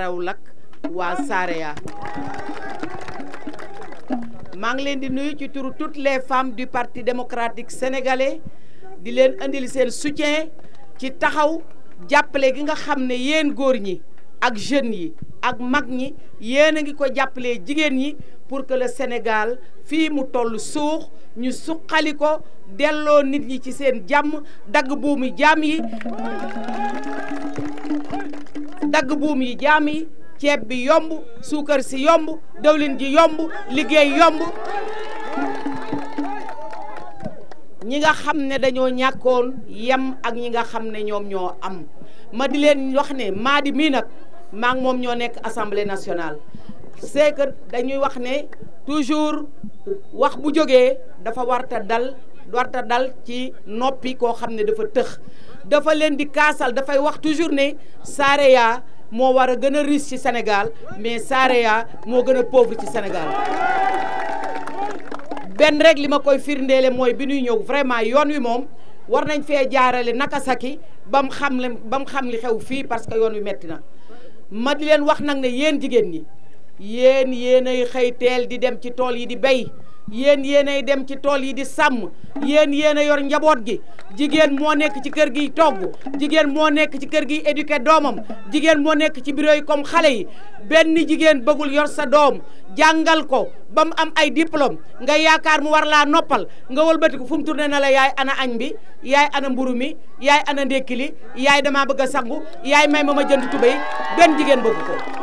Karawlak waa Sareya maa ngi leen di nuyu ci turu toutes les femmes du parti démocratique sénégalais di leen indil seen soutien ci taxaw jàppale gi nga xam ne yéen góor ñi ak jeunes yi ak mag ñi yéen a ngi ko jàppale jigéen ñi pour que le Sénégal fii mu toll suux ñu suqali ko delloo nit ñi ci seen jàmm dagg buumu jàmm yi dagg buum yi jaam yi ceeb bi yomb suukar si yomb dawlin ji yomb liggéey yomb ñi nga xam ne dañoo ñàkkoon yem ak ñi nga xam ne ñoom ñoo am ma di leen wax ne maa di mii nag maa ngi moom ñoo nekk assemblée nationale c'est dañuy wax ne toujours wax bu jógee dafa warta dal warta dal ci noppi koo xam ne dafa tëx dafa leen di kaasal dafay wax toujours ne Sareya moo war a gën a riche ci Sénégal mais Sareya moo gën a pauvre ci Sénégal benn rek li ma koy firndeele mooy bi ñuy ñëw vraiment yoon wi moom war nañ fee jaarale naka ba mu xam ba mu xam li xew fii parce que yoon wi metti na ma di leen wax nag ne yéen jigéen ñi yéen yéen ay xëy teel di dem ci tool yi di béy yéen yéenay dem ci tool yi di sàmm yéen yéen a yor njaboot gi jigéen moo nekk ci kër gi togg jigéen moo nekk ci kër gi éduqué doomam jigéen moo nekk ci bureau yi comme xale yi benn jigéen bëggul yor sa doom jàngal ko ba mu am ay diplôme nga yaakaar mu war laa noppal nga ko fu mu tourné na la yaay ana añ bi yaay ana mburu mi yaay ana ndékki li yaay damaa bëgg a sangu yaay may ma ma jënd tubéy benn jigéen bëgg ko